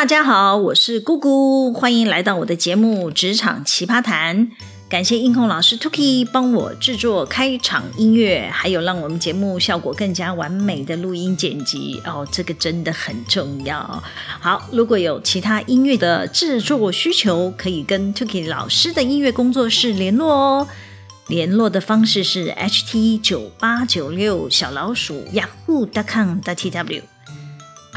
大家好，我是姑姑，歡迎來到我的節目《職場奇葩談》。感謝音控老師 Tuki 幫我制作開場音樂，還有讓我們節目效果更加完美的錄音剪輯哦，這個真的很重要。好，如果有其他音樂的制作需求，可以跟 Tuki 老師的音樂工作室聯絡哦。聯絡的方式是 ht 九八九六小老鼠 yahoo.com.tw。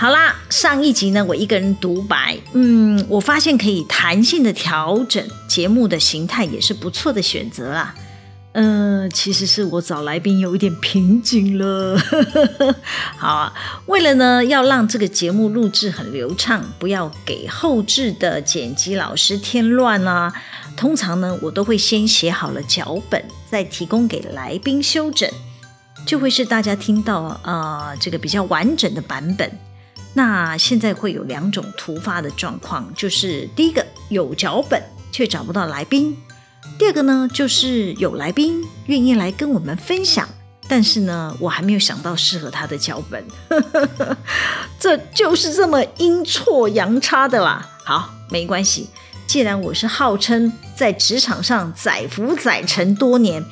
好啦，上一集呢，我一個人獨白。嗯，我發現可以彈性的調整節目的形態，也是不錯的選擇啦。嗯、呃，其實是我找來賓有一點瓶頸了。 好，啊，為了呢，要讓這個節目錄製很流暢，不要給後製的剪輯老師添亂啊。通常呢，我都會先寫好了腳本，再提供給來賓修整，就會是大家聽到啊、呃、這個比較完整的版本。那現在會有兩種突發的狀況，就是第一個有腳本卻找不到來賓，第二個呢就是有來賓願意來跟我們分享，但是呢我還沒有想到適合他的腳本， 這就是這麼陰錯陽差的啦。好，沒關係，既然我是號稱在職場上載浮載沉多年，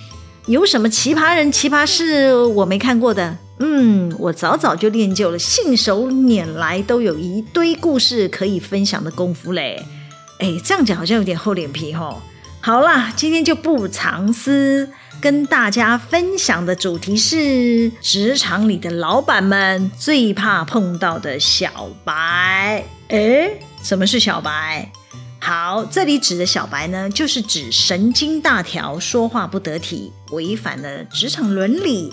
有什麼奇葩人、奇葩事我沒看過的？嗯，我早早就練就了信手拈來都有一堆故事可以分享的功夫嘞。哎，這樣講好像有點厚臉皮吼。好啦，今天就不藏私，跟大家分享的主題是職場裡的老板們最怕碰到的小白。哎，什麼是小白？好，這裡指的小白呢，就是指神經大條、說話不得體、違反了職場倫理。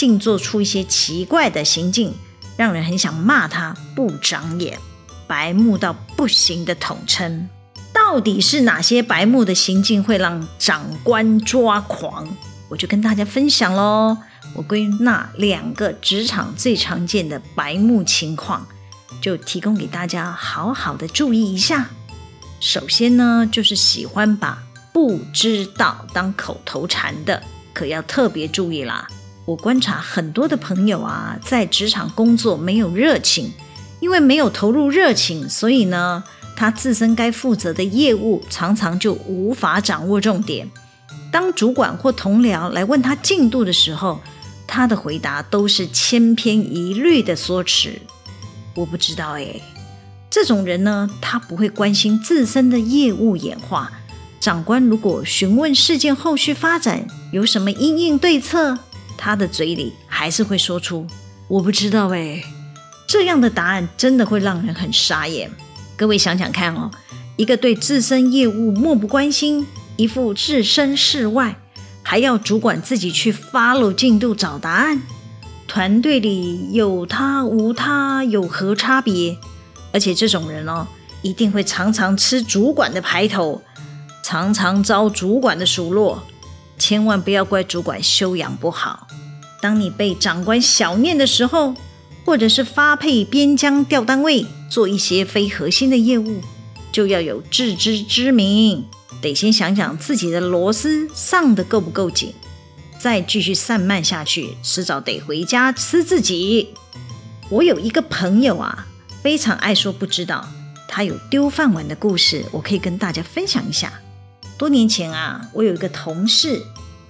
竟做出一些奇怪的行徑，讓人很想罵他不長眼、白目到不行的統稱。到底是哪些白目的行徑會讓長官抓狂？我就跟大家分享嘍。我歸納兩個職場最常見的白目情況，就提供給大家好好的注意一下。首先呢，就是喜歡把不知道當口頭禪的，可要特別注意啦。我觀察很多的朋友啊，在職場工作沒有熱情，因為沒有投入熱情，所以呢，他自身該負責的業務常常就無法掌握重點。當主管或同僚來問他進度的時候，他的回答都是千篇一律的說辭。我不知道誒。這種人呢，他不會關心自身的業務演化。長官如果詢問事件後續發展有什麼因應對策，他的嘴裡還是會說出“我不知道欸”這樣的答案，真的會讓人很傻眼。各位想想看哦，一個對自身業務漠不關心，一副置身事外，還要主管自己去 follow 進度找答案，團隊裡有他無他有何差別？而且這種人哦，一定會常常吃主管的排頭，常常遭主管的數落。千萬不要怪主管修養不好。當你被長官小念的時候，或者是發配邊疆調單位做一些非核心的業務，就要有自知之明，得先想想自己的螺絲上得夠不夠緊，再繼續散漫下去，遲早得回家吃自己。我有一個朋友啊，非常愛說不知道，他有丟飯碗的故事，我可以跟大家分享一下。多年前啊，我有一個同事，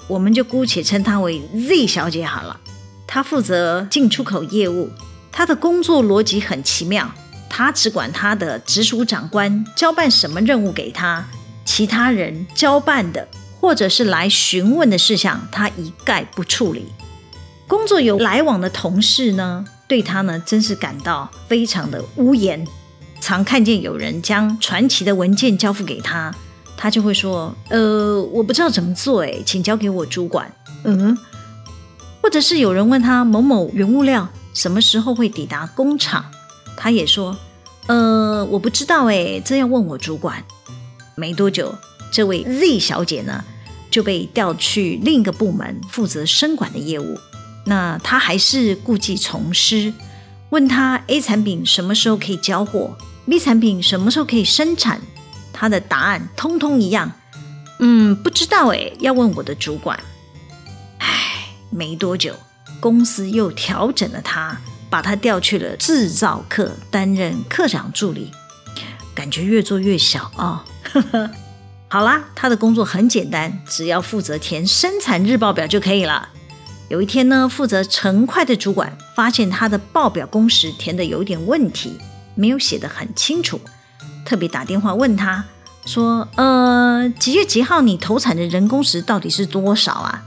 我們就姑且稱她為 Z 小姐好了。她負責進出口業務，她的工作邏輯很奇妙。她只管她的直屬長官交辦什麼任務給她，其他人交辦的或者是來詢問的事項，她一概不處理。工作有來往的同事呢，對她呢，真是感到非常的無言。常看見有人將傳奇的文件交付給她。他就會說：“呃，我不知道怎麼做，哎，請交給我主管。”嗯，或者是有人問他某某原物料什麼時候會抵達工廠，他也說：“呃，我不知道，哎，這要問我主管。”沒多久，這位 Z 小姐呢就被調去另一個部門負責生管的業務。那她還是故伎重施，問他 A 產品什麼時候可以交貨，B 產品什麼時候可以生產。他的答案通通一樣，嗯，不知道誒，要問我的主管。哎，沒多久，公司又調整了他，把他調去了製造科擔任科長助理，感覺越做越小啊。哦、 好啦，他的工作很簡單，只要負責填生產日報表就可以了。有一天呢，負責成塊的主管發現他的報表工時填的有點問題，沒有寫得很清楚。特別打電話問她說：“呃，幾月幾號你投產的人工時到底是多少啊？”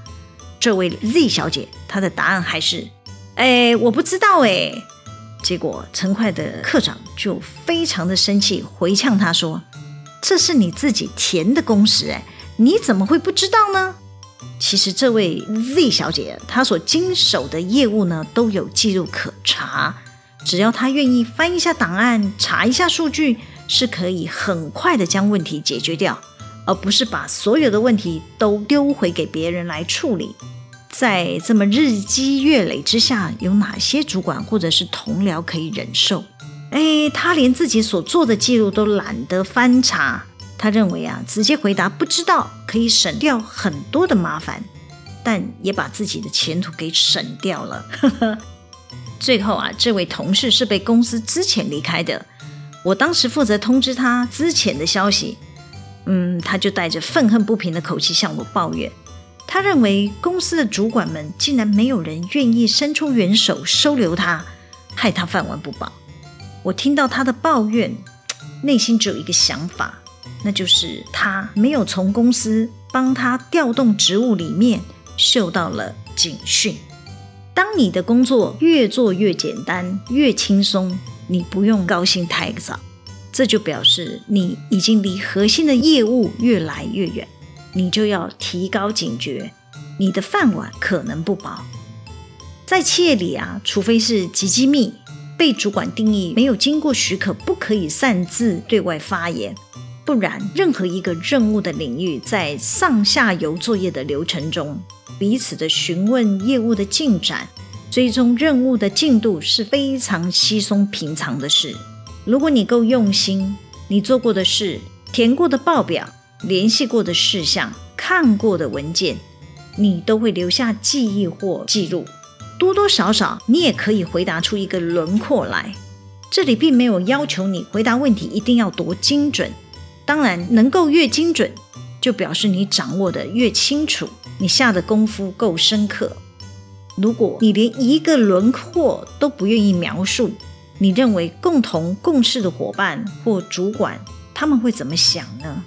這位 Z 小姐她的答案還是：“哎，我不知道哎。”結果陳快的科長就非常的生氣，回嗆她說：“這是你自己填的工時哎，你怎麼會不知道呢？”其實這位 Z 小姐她所經手的業務呢，都有記錄可查，只要她願意翻一下檔案，查一下數據。是可以很快的將問題解決掉，而不是把所有的問題都丟回給別人來處理。在這麼日積月累之下，有哪些主管或者是同僚可以忍受？哎，他連自己所做的記錄都懶得翻查，他認為啊，直接回答不知道可以省掉很多的麻煩，但也把自己的前途給省掉了。呵呵。最後啊，這位同事是被公司之前離開的。我當時負責通知他之前的消息，嗯，他就帶着憤恨不平的口氣向我抱怨，他認為公司的主管們竟然沒有人願意伸出援手收留他，害他飯碗不保。我聽到他的抱怨，內心只有一個想法，那就是他沒有從公司幫他調動職務裡面嗅到了警訊。當你的工作越做越簡單，越輕鬆。你不用高興太早，這就表示你已經離核心的業務越來越遠，你就要提高警覺，你的飯碗可能不保。在企業裡啊，除非是極機密，被主管定義沒有經過許可不可以擅自對外發言，不然任何一個任務的領域，在上下游作業的流程中，彼此的詢問業務的進展。追蹤任務的進度是非常稀鬆平常的事。如果你夠用心，你做過的事、填過的報表、聯繫過的事項、看過的文件，你都會留下記憶或記錄。多多少少，你也可以回答出一個輪廓來。這裡並沒有要求你回答問題一定要多精準，當然能夠越精準，就表示你掌握得越清楚，你下的功夫夠深刻。如果你連一個輪廓都不願意描述，你認為共同共事的伙伴或主管他們會怎麼想呢？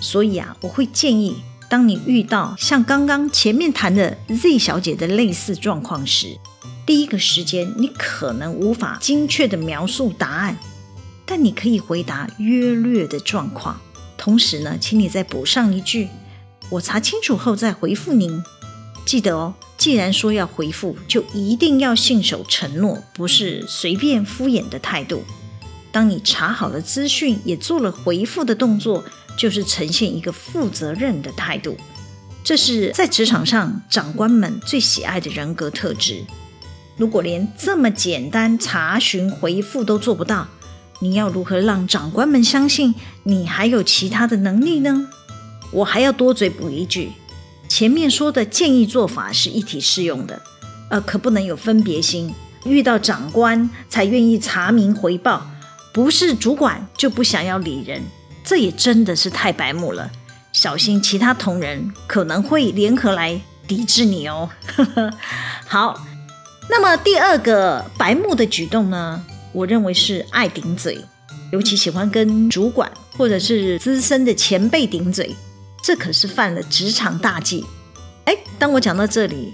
所以啊，我會建議，當你遇到像剛剛前面談的 Z 小姐的類似狀況時，第一個時間你可能無法精確地描述答案，但你可以回答約略的狀況。同時呢，請你再補上一句：“我查清楚後再回復您。”記得哦，既然說要回復，就一定要信守承諾，不是隨便敷衍的態度。當你查好了資訊，也做了回復的動作，就是呈現一個負責任的態度。這是在職場上長官們最喜愛的人格特質。如果連這麼簡單查詢回復都做不到，你要如何讓長官們相信你還有其他的能力呢？我還要多嘴補一句。前面說的建議做法是一體適用的，呃，可不能有分別心。遇到長官才願意查明回報，不是主管就不想要理人。這也真的是太白目了，小心其他同仁可能會聯合來抵制你哦。 好，那麼第二個白目的舉動呢，我認為是愛頂嘴，尤其喜歡跟主管或者是資深的前輩頂嘴。這可是犯了職場大忌！哎，當我講到這裡，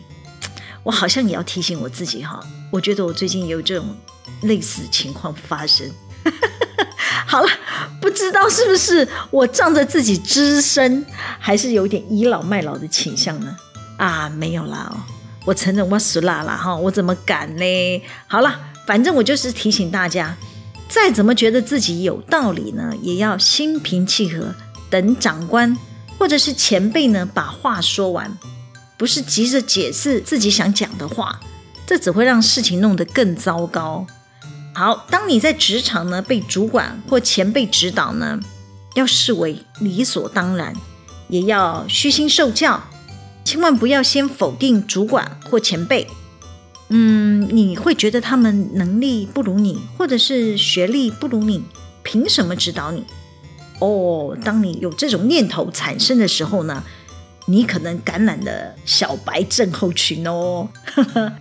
我好像也要提醒我自己哈。我覺得我最近也有這種類似情況發生。 好了，不知道是不是我仗着自己資深，還是有點倚老賣老的傾向呢？啊，沒有啦哦，我承認我俗辣啦哈，我怎麼敢呢？好了，反正我就是提醒大家，再怎麼覺得自己有道理呢，也要心平氣和，等長官。或者是前輩呢，把話說完，不是急着解釋自己想講的話，這只會讓事情弄得更糟糕。好，當你在職場呢，被主管或前輩指導呢，要視為理所當然，也要虛心受教，千萬不要先否定主管或前輩。嗯，你會覺得他們能力不如你，或者是學歷不如你，憑什麼指導你？哦，當你有這種念頭產生的時候呢，你可能感染了小白症候群哦。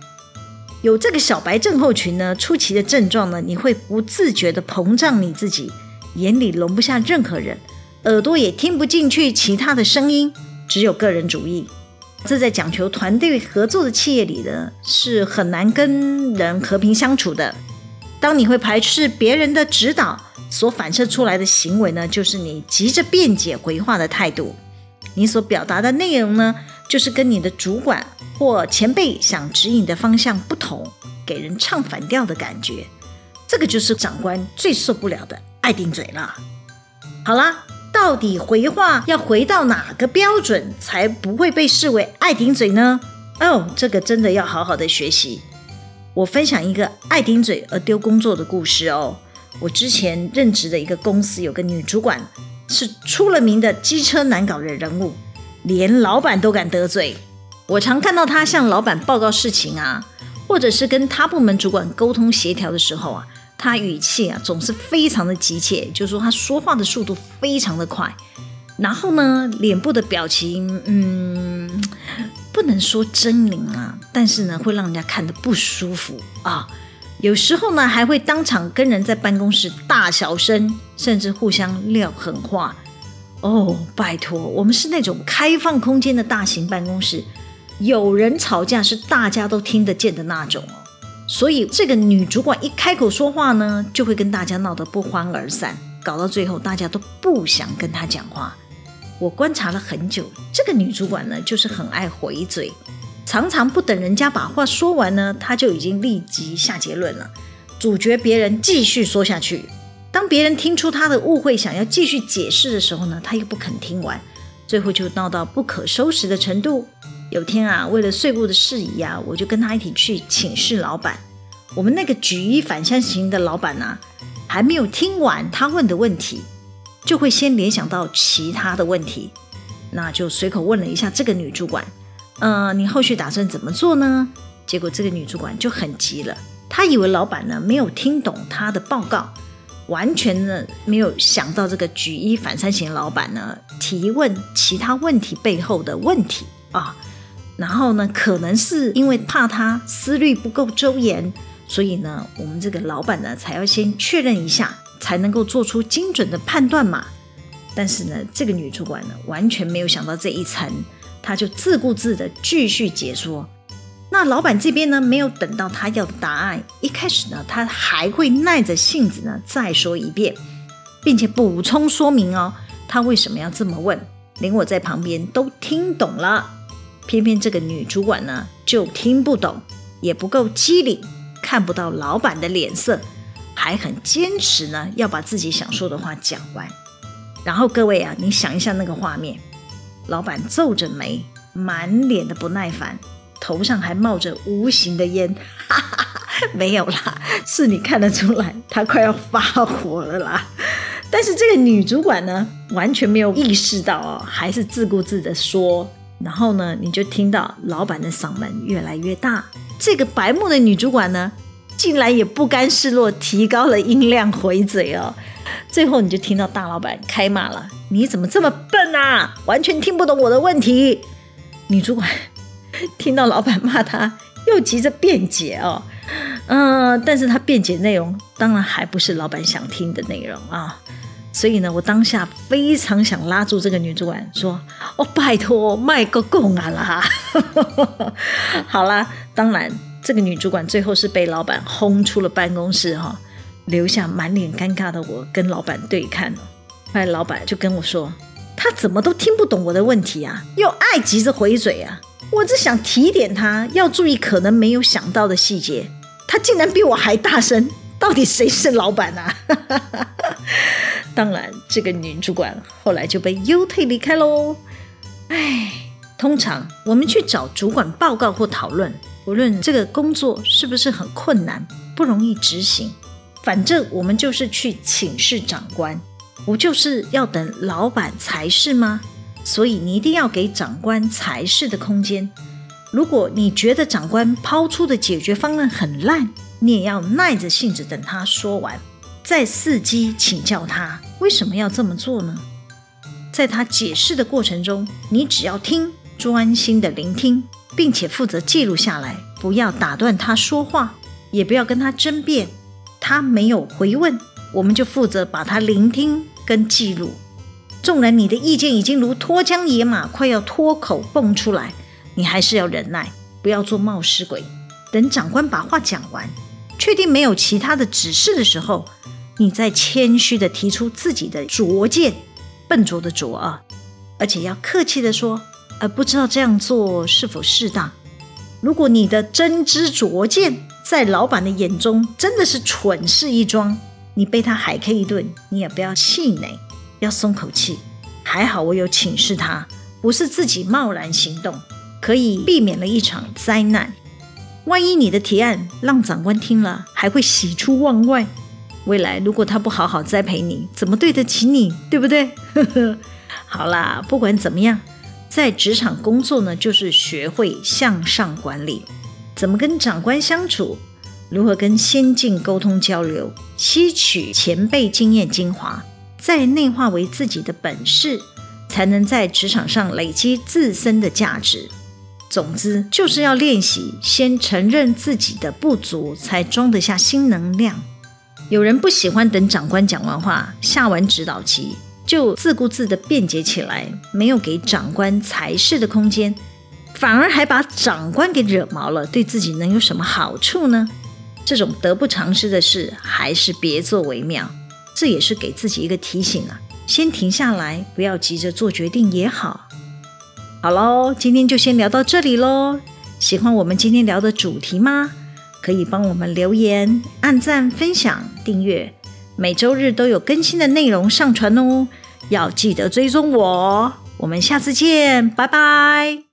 有這個小白症候群呢，初期的症狀呢，你會不自覺的膨脹你自己，眼裡容不下任何人，耳朵也聽不進去其他的聲音，只有個人主義。這在講求團隊合作的企業裡呢，是很難跟人和平相處的。當你會排斥別人的指導，所反射出來的行為呢，就是你急着辯解回話的態度；你所表達的內容呢，就是跟你的主管或前輩想指引的方向不同，給人唱反調的感覺。這個就是長官最受不了的愛頂嘴了。好啦，到底回話要回到哪個標準才不會被視為愛頂嘴呢？哦，這個真的要好好的學習。我分享一個愛頂嘴而丟工作的故事哦。我之前任職的一個公司，有個女主管是出了名的機車難搞的人物，連老闆都敢得罪。我常看到她向老闆報告事情啊，或者是跟她部門主管溝通協調的時候啊，她語氣啊總是非常的急切，就是說她說話的速度非常的快，然後呢，臉部的表情，嗯。不能說猙獰啊，但是呢，會讓人家看得不舒服啊。有時候呢，還會當場跟人在辦公室大小聲，甚至互相撂狠話。哦，拜託，我們是那種開放空間的大型辦公室，有人吵架是大家都聽得見的那種哦。所以這個女主管一開口說話呢，就會跟大家鬧得不歡而散，搞到最後大家都不想跟她講話。我觀察了很久，這個女主管呢，就是很愛回嘴，常常不等人家把話說完呢，她就已經立即下結論了，阻絕別人繼續說下去。當別人聽出她的誤會，想要繼續解釋的時候呢，她又不肯聽完，最後就鬧到不可收拾的程度。有天啊，為了稅務的事宜啊，我就跟她一起去請示老闆。我們那個舉一反三型的老闆呢、啊，還沒有聽完她問的問題，就會先聯想到其他的問題，那就隨口問了一下這個女主管：“呃，你後續打算怎麼做呢？”結果這個女主管就很急了，她以為老板呢沒有聽懂她的報告，完全呢沒有想到這個舉一反三型老板呢提問其他問題背後的問題啊，然後呢，可能是因為怕她思慮不夠周延，所以呢，我們這個老板呢才要先確認一下。才能夠做出精準的判斷嘛？但是呢，這個女主管呢，完全沒有想到這一層，她就自顧自的繼續解說。那老闆這邊呢，沒有等到她要的答案，一開始呢，她還會耐着性子呢，再說一遍，並且補充說明哦，她為什麼要這麼問？連我在旁邊都聽懂了，偏偏這個女主管呢，就聽不懂，也不夠機靈，看不到老闆的臉色。還很堅持呢，要把自己想說的話講完。然後各位啊，你想一下那個畫面：老闆皺着眉，滿臉的不耐煩，頭上還冒着無形的煙。哈哈哈，沒有啦，是你看得出來他快要發火了啦。但是這個女主管呢，完全沒有意識到哦，還是自顧自的說。然後呢，你就聽到老闆的嗓門越來越大。這個白目的女主管呢，竟然也不甘示弱，提高了音量回嘴哦。最後你就聽到大老闆開罵了：“你怎麼這麼笨啊？完全聽不懂我的問題！”女主管聽到老闆罵她，又急着辯解哦，嗯、呃，但是她辯解內容當然還不是老闆想聽的內容啊。所以呢，我當下非常想拉住這個女主管說：“哦，拜託，麥擱共啊啦！” 好啦，當然。這個女主管最後是被老板轟出了辦公室哈，留下滿臉尷尬的我跟老板對看。後來老板就跟我說，她怎麼都聽不懂我的問題啊，又愛急着回嘴啊。我只想提點她，要注意可能沒有想到的細節，她竟然比我還大聲，到底誰是老板啊？ 當然，這個女主管後來就被優退離開嘍。哎。通常我們去找主管報告或討論，無論這個工作是不是很困難、不容易執行，反正我們就是去請示長官，不就是要等老板裁示嗎？所以你一定要給長官裁示的空間。如果你覺得長官拋出的解決方案很爛，你也要耐着性子等他說完，再伺機請教他為什麼要這麼做呢？在他解釋的過程中，你只要聽。專心的聆聽，並且負責記錄下來，不要打斷他說話，也不要跟他爭辯。他沒有回問，我們就負責把他聆聽跟記錄。縱然你的意見已經如脫韁野馬，快要脫口蹦出來，你還是要忍耐，不要做冒失鬼。等長官把話講完，確定沒有其他的指示的時候，你再謙虛的提出自己的拙見，笨拙的拙啊，而且要客氣的說。而不知道這樣做是否適當？如果你的真知灼見在老闆的眼中真的是蠢事一樁，你被他海 K 一頓，你也不要氣餒，要鬆口氣，還好我有請示他，不是自己貿然行動，可以避免了一場災難。萬一你的提案讓長官聽了，還會喜出望外。未來如果他不好好栽培你，怎麼對得起你？對不對？ 好啦，不管怎麼樣。在職場工作呢，就是學會向上管理，怎麼跟長官相處，如何跟先進溝通交流，吸取前輩經驗精華，再內化為自己的本事，才能在職場上累積自身的價值。總之，就是要練習先承認自己的不足，才裝得下新能量。有人不喜歡等長官講完話，下完指導棋。就自顧自地辯解起來，沒有給長官裁示的空間，反而還把長官給惹毛了，對自己能有什麼好處呢？這種得不償失的事，還是別做為妙。這也是給自己一個提醒啊，先停下來，不要急着做決定也好。好嘍，今天就先聊到這裡嘍。喜歡我們今天聊的主題嗎？可以幫我們留言、按讚、分享、訂閱。每週日都有更新的內容上傳哦，要記得追蹤我。我們下次見，拜拜。